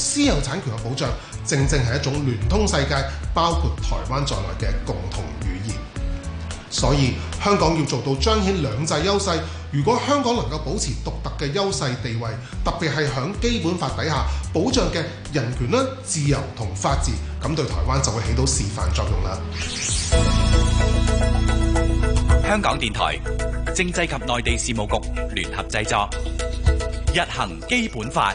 私有產權嘅保障，正正係一種聯通世界，包括台灣在內嘅共同語言。所以香港要做到彰顯兩制優勢，如果香港能夠保持獨特嘅優勢地位，特別係響基本法底下保障嘅人權啦、自由同法治，咁對台灣就會起到示範作用啦。香港電台政制及內地事務局聯合製作，日行基本法。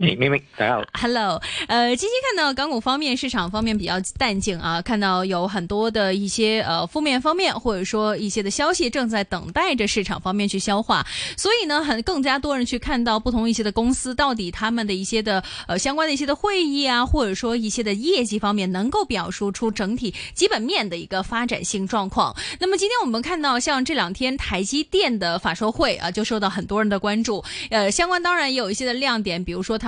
你明明，好 ，Hello，呃，今天看到港股方面市場方面比較淡靜啊，看到有很多的一些呃負面方面，或者說一些的消息正在等待着市場方面去消化，所以呢，很更加多人去看到不同一些的公司，到底他們的一些的呃相關的一些的會議啊，或者說一些的業績方面，能夠表述出整體基本面的一個發展性狀況。那麼今天我們看到像這兩天台積電的法說會啊，呃，就受到很多人的關注，呃，相關當然也有一些的亮點，比如說它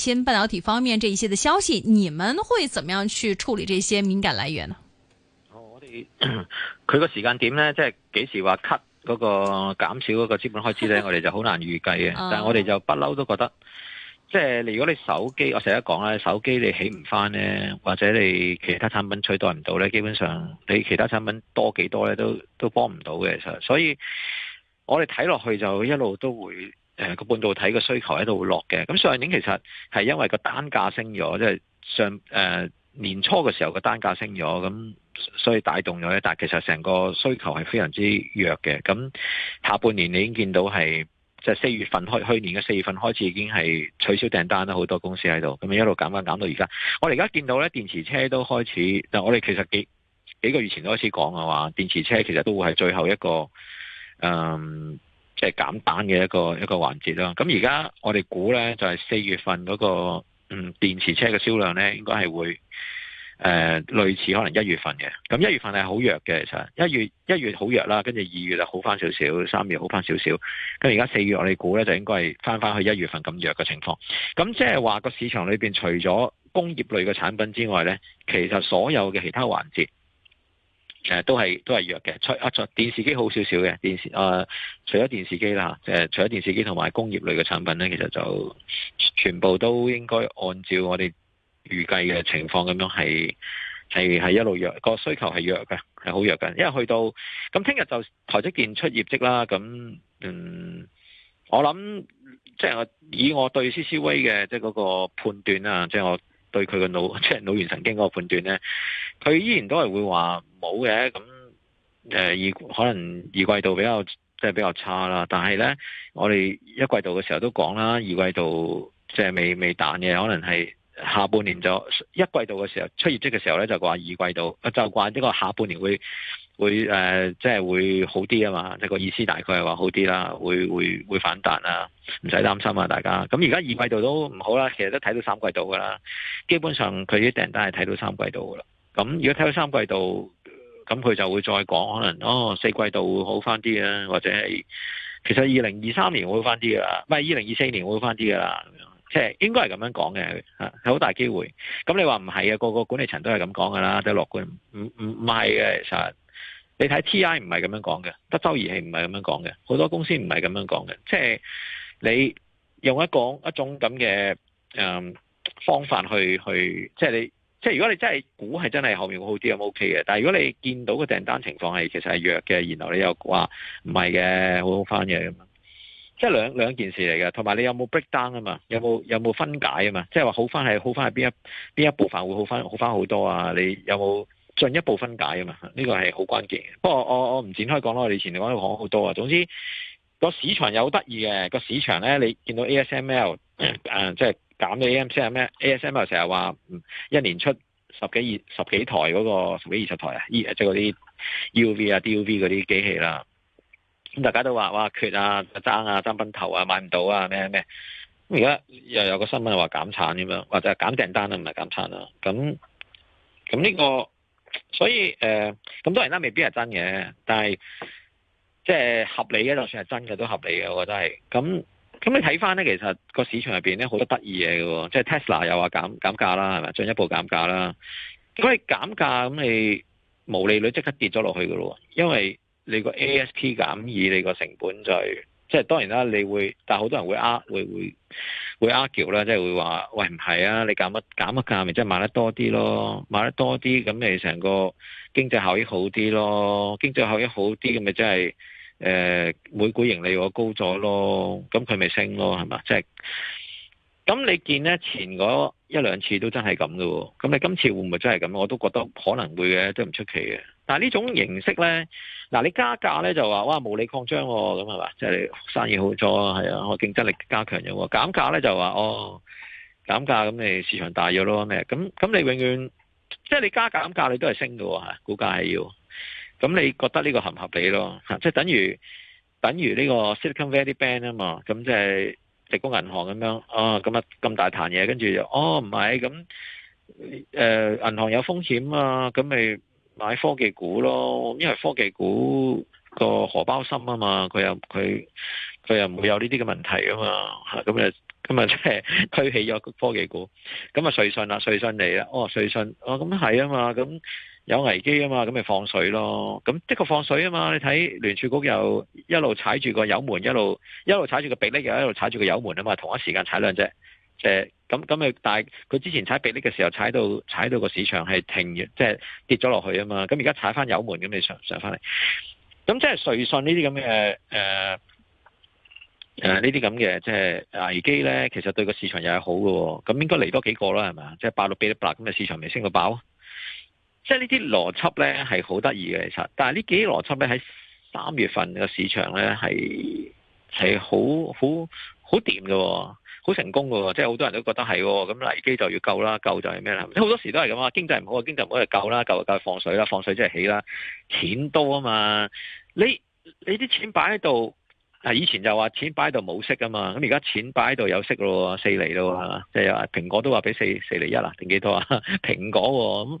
先半導體方面這一些的消息，你們會怎麼樣去處理這些敏感來源呢？哦、我哋佢個時間點呢？即係幾時話 cut 嗰個減少嗰個資本開支呢？ 我哋就好難預計嘅。嗯、但係我哋就不嬲都覺得，即係如果你手機，我成日講咧，手機你起唔翻呢，或者你其他產品取代唔到呢，基本上你其他產品多幾多呢，都都幫唔到嘅。其實，所以我哋睇落去就一路都會。誒個、呃、半導體嘅需求喺度落嘅，咁上年其實係因為個單價升咗，即、就、係、是、上誒、呃、年初嘅時候個單價升咗，咁所以帶動咗咧。但係其實成個需求係非常之弱嘅。咁下半年你已經見到係即係四月份開去年嘅四月份開始已經係取消訂單啦，好多公司喺度，咁樣一路減翻減，減到而家。我哋而家見到咧，電池車都開始，但我哋其實幾幾個月前都開始講嘅話，電池車其實都會係最後一個誒。嗯即係減單嘅一個一個環節啦，咁而家我哋估呢，就係、是、四月份嗰、那個嗯電池車嘅銷量呢，應該係會誒、呃、類似可能一月份嘅，咁一月份係好弱嘅其實，一月一月好弱啦，跟住二月就好返少少，三月好返少少，跟住而家四月我哋估呢，就應該係返返去一月份咁弱嘅情況，咁即係話個市場裏邊除咗工業類嘅產品之外呢，其實所有嘅其他環節。誒，都係都係弱嘅，除啊除電視機好少少嘅電視誒、啊，除咗電視機啦，誒，除咗電視機同埋工業類嘅產品咧，其實就全部都應該按照我哋預計嘅情況咁樣係係係一路弱，個需求係弱嘅，係好弱嘅，因為去到咁聽日就台積電出業績啦，咁嗯，我諗即係我以我對 C C V 嘅即係嗰個判斷啦，即係我對佢嘅腦即係腦源神經嗰個判斷咧。佢依然都係會話冇嘅，咁誒，二可能二季度比較即係比較差啦。但係呢，我哋一季度嘅時候都講啦，二季度即係未未彈嘅，可能係下半年就一季度嘅時候出業績嘅時候呢，就話二季度就話呢個下半年會會誒即係會好啲啊嘛，即係個意思大概係話好啲啦，會會會反彈啦，唔使擔心啊，大家。咁而家二季度都唔好啦，其實都睇到三季度噶啦，基本上佢啲訂單係睇到三季度噶啦。咁如果睇到三季度，咁佢就會再講，可能哦四季度會好翻啲嘅，或者係其實二零二三年會好翻啲噶，唔係二零二四年會好翻啲噶啦，咁樣，即係應該係咁樣講嘅吓，係好大機會。咁你話唔係啊？個個管理層都係咁講噶啦，都樂觀。唔唔係嘅，其實你睇 TI 唔係咁樣講嘅，德州儀器唔係咁樣講嘅，好多公司唔係咁樣講嘅。即係你用一個一種咁嘅誒方法去去，即係你。即係如果你真係估係真係後面會好啲咁 OK 嘅，但係如果你見到個訂單情況係其實係弱嘅，然後你又話唔係嘅，好翻嘅咁，即係兩兩件事嚟嘅。同埋你有冇 breakdown 啊嘛？有冇有冇分解啊嘛？即係話好翻係好翻係邊一邊一部分會好翻好翻好多啊？你有冇進一步分解啊嘛？呢個係好關鍵。不過我我唔展開講咯，我哋以前講講好多啊。總之個市場有好得意嘅個市場呢，你見到 ASML、嗯嗯嗯、即係。減嘅 AMC 係咩？ASML 又成日話，一年出十幾二十幾台嗰、嗰個十幾二十台、就是、啊，即係嗰啲 UV 啊、DUV 嗰啲機器啦。咁大家都話哇，缺啊，爭啊，爭崩頭啊，買唔到啊，咩咩、啊。咁而家又有個新聞話減產咁樣，或者減訂單啦，唔係減產啊。咁咁呢個，所以誒，咁多人啦，未必係真嘅，但係即係合理嘅，就算係真嘅都合理嘅，我覺得係。咁咁你睇翻咧，其實個市場入邊咧好多得意嘢嘅，即係 Tesla 又話減減價啦，係咪進一步減價啦？咁你減價咁你毛利率即刻跌咗落去嘅咯，因為你個 ASP 減以你個成本就係、是、即係當然啦，你會但係好多人會呃、啊，會會會會會 argue 啦，即係會話喂唔係啊，你減乜減乜價咪即係買得多啲咯，買得多啲咁你成個經濟效益好啲咯，經濟效益好啲咁咪即係。誒、呃、每股盈利我高咗咯，咁佢咪升咯，係嘛？即係咁你見咧前嗰一兩次都真係咁喎。咁你今次會唔會真係咁？我都覺得可能會嘅，都唔出奇嘅。但係呢種形式咧，嗱、啊、你加價咧就話哇無理擴張喎，咁係咪？即、就、係、是、你生意好咗係啊，我競爭力加強咗。減價咧就話哦減價咁你市場大咗咯咩？咁咁你永遠即係、就是、你加減價你都係升嘅喎，估股價係要。咁你覺得呢個合唔合理咯？即係等於等於呢個 Silicon Valley Bank 啊嘛，咁即係提供銀行咁樣啊，咁啊咁大壇嘢，跟住就哦唔係咁誒，銀行有風險啊，咁咪買科技股咯，因為科技股個荷包心啊嘛，佢又佢佢又唔會有呢啲嘅問題啊嘛，吓咁啊咁啊即係推起咗科技股，咁啊瑞信啦，瑞信嚟啦，哦瑞信哦咁係啊嘛，咁。有危機啊嘛，咁咪放水咯。咁即係放水啊嘛。你睇聯儲局又一路踩住個油門，一路一路踩住個迫力，又一路踩住個油門啊嘛。同一時間踩兩隻，即咁咁咪。但係佢之前踩迫力嘅時候踩，踩到踩到個市場係停，即、就、係、是、跌咗落去啊嘛。咁而家踩翻油門，咁你上上翻嚟。咁即係瑞信這這、呃呃這這就是、呢啲咁嘅誒誒呢啲咁嘅即係危機咧，其實對個市場又係好嘅。咁、嗯、應該嚟多來幾個啦，係咪啊？即係八六八一八咁，咪市場咪升到爆啊？即係呢啲邏輯咧係好得意嘅其實，但係呢幾邏輯咧喺三月份嘅市場咧係係好好好掂嘅，好成功嘅，即係好多人都覺得係喎。咁危機就要救啦，救就係咩咧？即係好多時都係咁啊，經濟唔好啊，經濟唔好就救啦，救就放水啦，放水即係起啦，錢多啊嘛。你你啲錢擺喺度，係以前就話錢擺喺度冇息嘅嘛，咁而家錢擺喺度有息咯，四厘咯，即係又話蘋果都話俾四四厘一啊，定幾多啊？蘋果咁。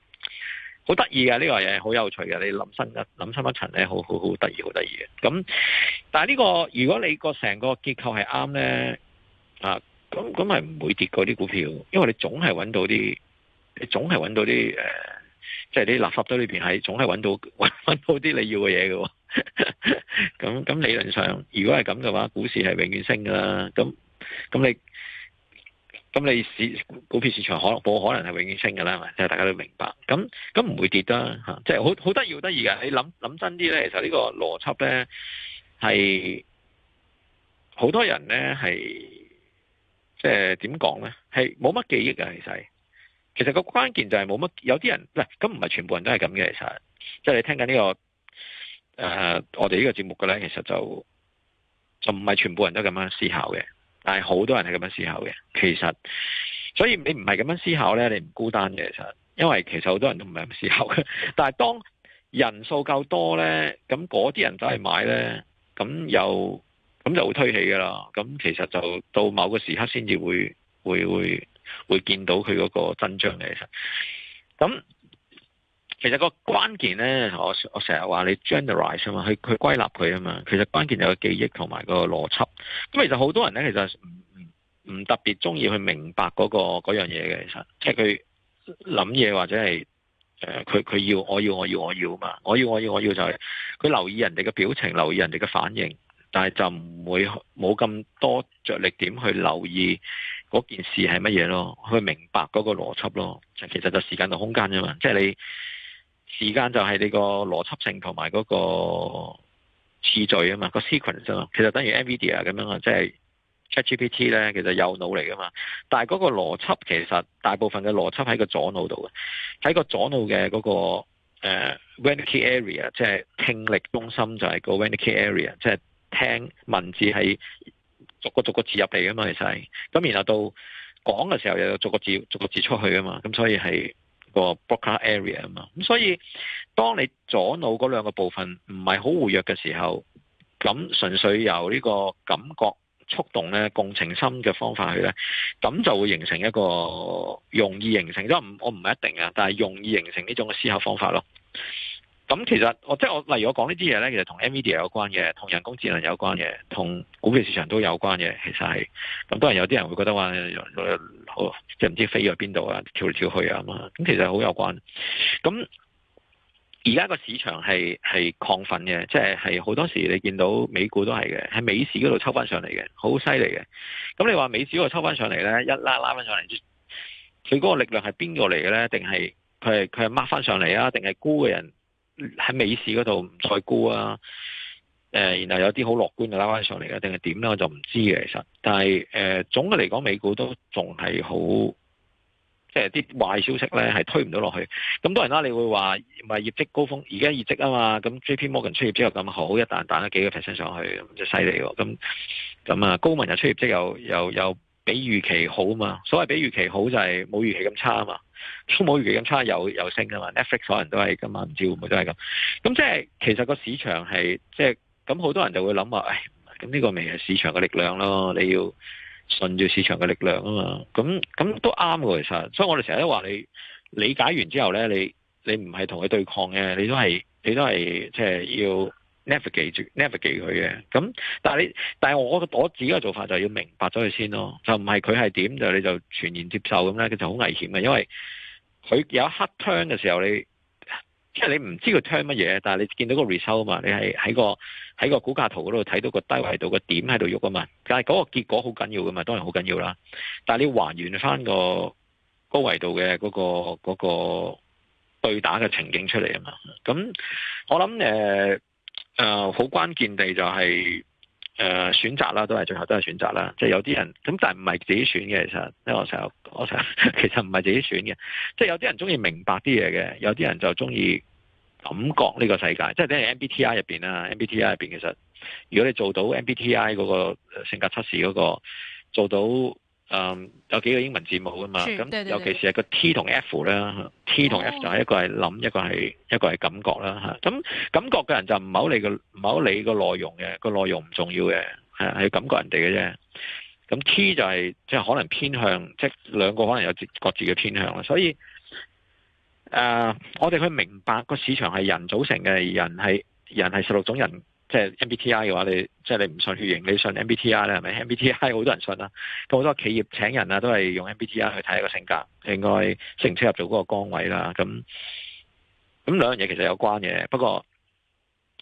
好得意嘅呢個嘢，好有趣嘅、這個。你諗深一諗深一層咧，好好好得意，好得意嘅。咁但係、這、呢個，如果你個成個結構係啱咧，啊，咁咁係唔會跌過啲股票，因為你總係揾到啲，你總係揾到啲誒，即係啲垃圾堆裏邊係總係揾到揾到啲你要嘅嘢嘅。咁 咁理論上，如果係咁嘅話，股市係永遠升噶啦。咁咁你。咁你市股票市場可能冇可能係永遠升㗎啦？即係大家都明白。咁咁唔會跌啦吓，即係好好得意，得意嘅。你諗諗真啲咧，其實呢個邏輯咧係好多人咧係即係點講咧？係冇乜記憶嘅，其實。其實個關鍵就係冇乜，有啲人咁，唔係全部人都係咁嘅。其實，即係你聽緊呢個誒，我哋呢個節目嘅咧，其實就就唔係全部人都咁樣思考嘅。但係好多人係咁樣思考嘅，其實所以你唔係咁樣思考呢，你唔孤單嘅其實，因為其實好多人都唔係咁思考嘅。但係當人數夠多呢，咁嗰啲人走去買呢，咁又咁就會推起噶啦。咁其實就到某個時刻先至會會會會見到佢嗰個增長嘅其實，咁。其實個關鍵咧，我我成日話你 generalise 啊嘛，去去歸納佢啊嘛。其實關鍵就係個記憶同埋個邏輯。咁其實好多人咧，其實唔唔特別中意去明白嗰個嗰樣嘢嘅，其實即係佢諗嘢或者係誒，佢佢要我要我要我要啊嘛，我要我要我要就係佢留意人哋嘅表情，留意人哋嘅反應，但係就唔會冇咁多着力點去留意嗰件事係乜嘢咯，去明白嗰個邏輯咯。其實就時間同空間啫嘛，即係你。時間就係你個邏輯性同埋嗰個次序啊嘛，個 sequence 啊嘛，其實等於 NVIDIA 咁樣啊，即係 ChatGPT 呢，其實右腦嚟噶嘛，但係嗰個邏輯其實大部分嘅邏輯喺個左腦度嘅，喺個左腦嘅嗰個誒 Wernicke area，即係聽力中心就係個 Wernicke area，即係聽文字係逐個逐個字入嚟啊嘛，其實，咁然後到講嘅時候又逐個字逐個字出去啊嘛，咁所以係。個 broader area 啊嘛，咁所以當你左腦嗰兩個部分唔係好活躍嘅時候，咁純粹由呢個感覺觸動咧、共情心嘅方法去咧，咁就會形成一個容易形成，唔我唔係一定啊，但係容易形成呢種嘅思考方法咯。咁其實我即係我例如我講呢啲嘢咧，其實同 Nvidia 有關嘅，同人工智能有關嘅，同股票市場都有關嘅。其實係咁，當然有啲人會覺得話，即係唔知飛咗去邊度啊，跳嚟跳去啊嘛。咁、嗯、其實好有關。咁而家個市場係係亢奮嘅，即係好多時你見到美股都係嘅，喺美市嗰度抽翻上嚟嘅，好犀利嘅。咁你話美市嗰度抽翻上嚟咧，一拉拉翻上嚟，佢嗰個力量係邊個嚟嘅咧？定係佢係佢係掹翻上嚟啊？定係沽嘅人？喺美市嗰度唔再沽啊，誒、呃，然後有啲好樂觀嘅拉翻上嚟嘅定係點咧？我就唔知嘅其實，但係誒、呃，總嘅嚟講，美股都仲係好，即係啲壞消息咧係推唔到落去。咁當然啦，你會話咪業績高峰，而家業績啊嘛，咁 J P Morgan 出業績又咁好，一彈彈咗幾個 percent 上去，咁即係犀利喎。咁咁啊，高文又出業績又又有。又比預期好啊嘛，所謂比預期好就係冇預期咁差啊嘛，冇預期咁差，有有升啊嘛，Netflix 可能都係咁啊，唔知會唔會都係咁，咁即係其實個市場係即係咁好多人就會諗話，唉、哎，咁呢個咪係市場嘅力量咯，你要順住市場嘅力量啊嘛，咁咁都啱嘅其實，所以我哋成日都話你理解完之後咧，你你唔係同佢對抗嘅，你都係你都係即係要。Navigate, navigate 住 navigate 佢嘅，咁但係你，但係我我自己嘅做法就係要明白咗佢先咯，就唔係佢係點就你就全然接受咁咧，其實好危險嘅，因為佢有黑 turn 嘅時候你，即你即係你唔知佢 turn 乜嘢，但係你見到個 result 啊嘛，你係喺個喺個股價圖嗰度睇到個低位度個點喺度喐啊嘛，但係嗰個結果好緊要噶嘛，當然好緊要啦，但係你要還原翻個高位度嘅嗰、嗰個嗰、嗰個、對打嘅情景出嚟啊嘛，咁我諗誒。呃誒，好、呃、關鍵地就係、是、誒、呃、選擇啦，都係最後都係選擇啦。即、就、係、是、有啲人咁，但係唔係自己選嘅，其實，因為我成日，我成日其實唔係自己選嘅。即、就、係、是、有啲人中意明白啲嘢嘅，有啲人就中意感覺呢個世界。即係等人 MBTI 入邊啊，MBTI 入邊其實，如果你做到 MBTI 嗰個性格測試嗰、那個做到。誒，um, 有幾個英文字母噶嘛？咁、嗯、尤其是係個 T 同 F 咧，T 同 F 就係一個係諗，哦，一個係一個係感覺啦吓。咁感覺嘅人就唔係好理個唔係好理個內容嘅，個內容唔重要嘅，係係感覺人哋嘅啫。咁 T 就係即係可能偏向，即、就、係、係、兩個可能有各自嘅偏向啦。所以誒、呃，我哋去明白個市場係人組成嘅，人係人係十六種人。即係 MBTI 嘅話，你即係你唔信血型，你信 MBTI 咧係咪？MBTI 好多人信啦、啊？咁好多企業請人啊，都係用 MBTI 去睇個性格，應該適唔適合做嗰個崗位啦。咁咁兩樣嘢其實有關嘅，不過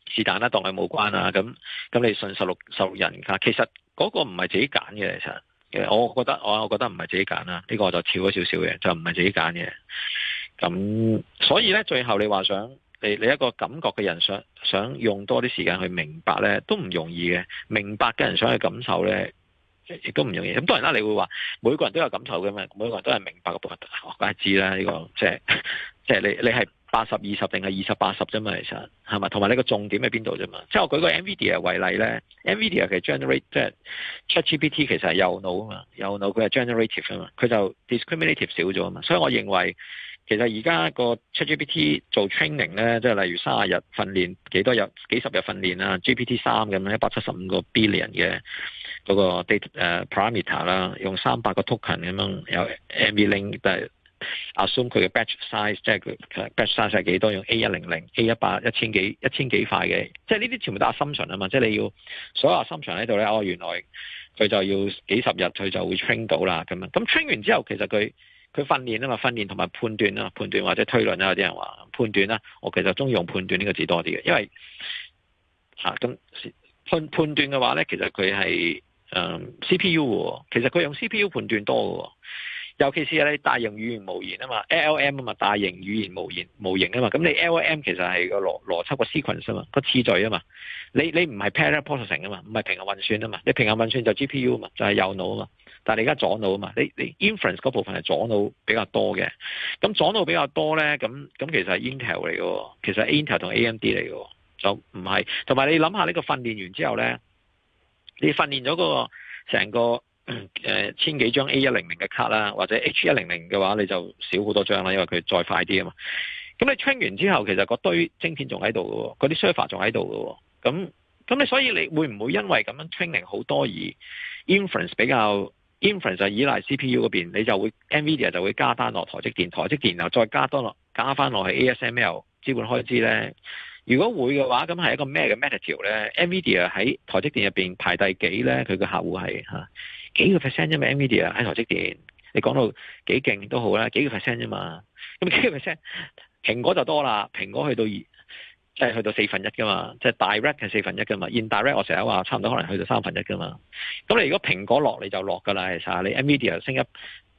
是但啦，當佢冇關啦、啊。咁咁你信十六十六人格，其實嗰個唔係自己揀嘅，其實，其實我覺得我我覺得唔係自己揀啦。呢、這個我就跳咗少少嘅，就唔係自己揀嘅。咁所以咧，最後你話想。你你一個感覺嘅人想想用多啲時間去明白咧，都唔容易嘅。明白嘅人想去感受咧，亦都唔容易。咁當然啦，你會話每個人都有感受㗎嘛，每個人都係明白嘅部分，我梗係知啦。呢個即係即係你你係八十二十定係二十八十啫嘛，其實係咪？同埋你個重點喺邊度啫嘛？即係我舉個 Nvidia 為例咧，Nvidia 其實 generate 即係 ChatGPT 其實係右腦啊嘛，右腦佢係 generative 啊嘛，佢就 discriminative 少咗啊嘛，所以我認為。其實而家個 ChatGPT 做 training 咧，即係例如三十日訓練幾多日幾十日訓練啊 GPT 三咁樣一百七十五個 billion 嘅嗰個 data, uh, parameter 啦，用三百個 token 咁樣有 embedding 但係 assume 佢嘅 batch size 即係佢 batch size 係幾多？用 A 一零零、A 一百、一千幾一千幾塊嘅，即係呢啲全部都係 sampling 啊嘛！即係你要所有 sampling 喺度咧，哦原來佢就要幾十日佢就會 train 到啦咁樣。咁 train 完之後其實佢。佢訓練啊嘛，訓練同埋判斷嘛，判斷或者推論啦，有啲人話判斷啦。我其實鍾意用判斷呢個字多啲嘅，因為嚇咁、啊、判判斷嘅話咧，其實佢係誒、呃、C P U，其實佢用 C P U 判斷多嘅，尤其是係大型語言模型啊嘛，L L M 啊嘛，大型語言模型模型啊嘛。咁你 L L M 其實係個邏邏輯個 sequence 啊嘛，個次序啊嘛。你你唔係 parallel processing 啊嘛，唔係平行運算啊嘛。你平行運算就係 G P U 啊嘛，就係、是、右腦啊嘛。但係你而家阻腦啊嘛，你你 inference 嗰部分係阻腦比較多嘅，咁阻腦比較多咧，咁咁其實係 Intel 嚟嘅，其實係 Intel 同 AMD 嚟嘅，就唔係。同埋你諗下呢個訓練完之後咧，你訓練咗個成個誒、嗯、千幾張 A 一零零嘅卡啦，或者 H 一零零嘅話你就少好多張啦，因為佢再快啲啊嘛。咁你 train 完之後，其實個堆晶片仲喺度嘅，嗰啲 server 仲喺度嘅，咁咁你所以你會唔會因為咁樣 training 好多而 inference 比較？inference 係倚賴 CPU 嗰邊，你就會 NVIDIA 就會加單落台積電，台積電又再加多落加翻落去 ASML 資本開支咧。如果會嘅話，咁係一個咩嘅 metric 咧？NVIDIA 喺台積電入邊排第幾咧？佢嘅客戶係嚇幾個 percent 啫嘛？NVIDIA 喺台積電，你講到幾勁都好啦，幾個 percent 啫嘛。咁幾個 percent？蘋果就多啦，蘋果去到二。即係去到四分一噶嘛，即係 direct 係四分一噶嘛。Indirect 我成日話差唔多可能去到三分一噶嘛。咁你如果蘋果落你就落㗎啦，其實你 Nvidia 升一，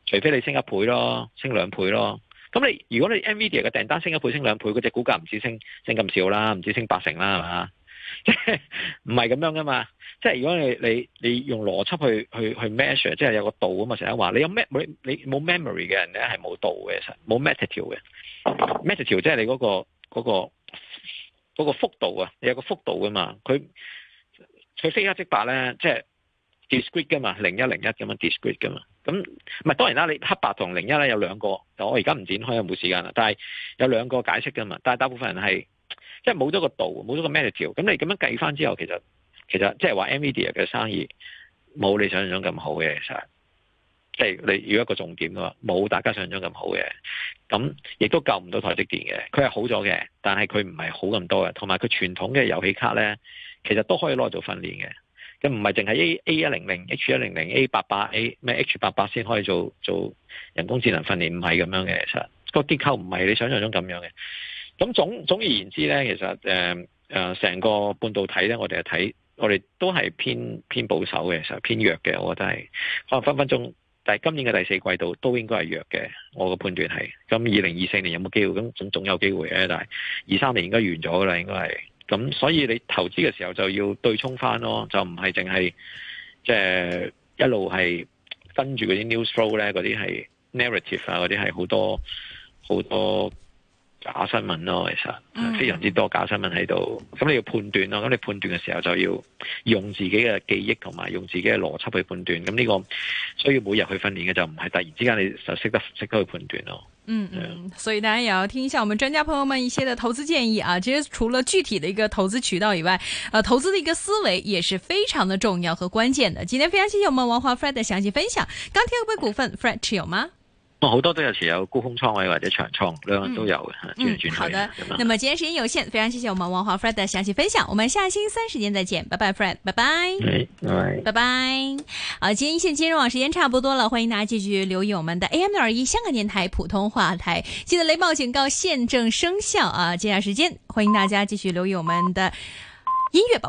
除非你升一倍咯，升兩倍咯。咁你如果你 Nvidia 嘅訂單升一倍、升兩倍，嗰隻股價唔止升，升咁少啦，唔止升八成啦，係咪？即係唔係咁樣噶嘛？即係如果你你你用邏輯去去去 measure，即係有個度啊嘛。成日話你有咩，你你冇 memory 嘅人咧係冇度嘅，實冇 material 嘅。material 即係你嗰個嗰個。嗰個嗰個幅度啊，有個幅度噶嘛，佢佢非一即白咧，即係 discrete 噶嘛，零一零一咁啊 discrete 噶嘛，咁唔係當然啦，你黑白同零一咧有兩個，我而家唔展開啊，冇時間啦，但係有兩個解釋噶嘛，但係大部分人係即係冇咗個度，冇咗個 meter，咁你咁樣計翻之後，其實其實即係話 NVIDIA 嘅生意冇你想象中咁好嘅，其實。即係你要一個重點㗎，冇大家想象中咁好嘅，咁亦都救唔到台積電嘅。佢係好咗嘅，但係佢唔係好咁多嘅。同埋佢傳統嘅遊戲卡咧，其實都可以攞嚟做訓練嘅。咁唔係淨係 A 100, 100, A 一零零 H 一零零 A 八八 A 咩 H 八八先可以做做人工智能訓練，唔係咁樣嘅。其實、那個結構唔係你想象中咁樣嘅。咁總總而言之咧，其實誒誒，成、呃呃、個半導體咧，我哋係睇我哋都係偏偏保守嘅，成偏弱嘅。我覺得係可能分分鐘。但係今年嘅第四季度都應該係弱嘅，我嘅判斷係，咁二零二四年有冇機會，咁總總有機會咧。但係二三年應該完咗啦，應該係，咁所以你投資嘅時候就要對沖翻咯，就唔係淨係，即、呃、係一路係跟住嗰啲 news flow 咧，嗰啲係 narrative 啊，嗰啲係好多好多。假新聞咯，其實非常之多假新聞喺度，咁、嗯、你要判斷咯，咁你判斷嘅時候就要用自己嘅記憶同埋用自己嘅邏輯去判斷，咁呢、呢個需要每日去訓練嘅，就唔係突然之間你就識得識得去判斷咯。嗯嗯，嗯所以大家也要聽一下我們專家朋友們一些的投資建議啊。其實除了具體的一個投資渠道以外，誒，投資的一個思維也是非常的重要和關鍵的。今天非常謝謝我們王華 Fred 的詳細分享。鋼鐵股份 Fred 持有嗎？好多都有時有高空倉位或者長倉，兩個都有嘅，轉、嗯、轉好的。那麼今天時間有限，非常謝謝我們王華 Fred 的詳細分享。我們下星期三時間再見，拜拜 Fred 拜拜。拜拜 bye，拜拜。好、啊，今天一線金融網時間差不多了，歡迎大家繼續留意我們的 AM 六二一香港電台普通話台。記得雷暴警告現正生效啊！接下來時間歡迎大家繼續留意我們的音樂寶寶。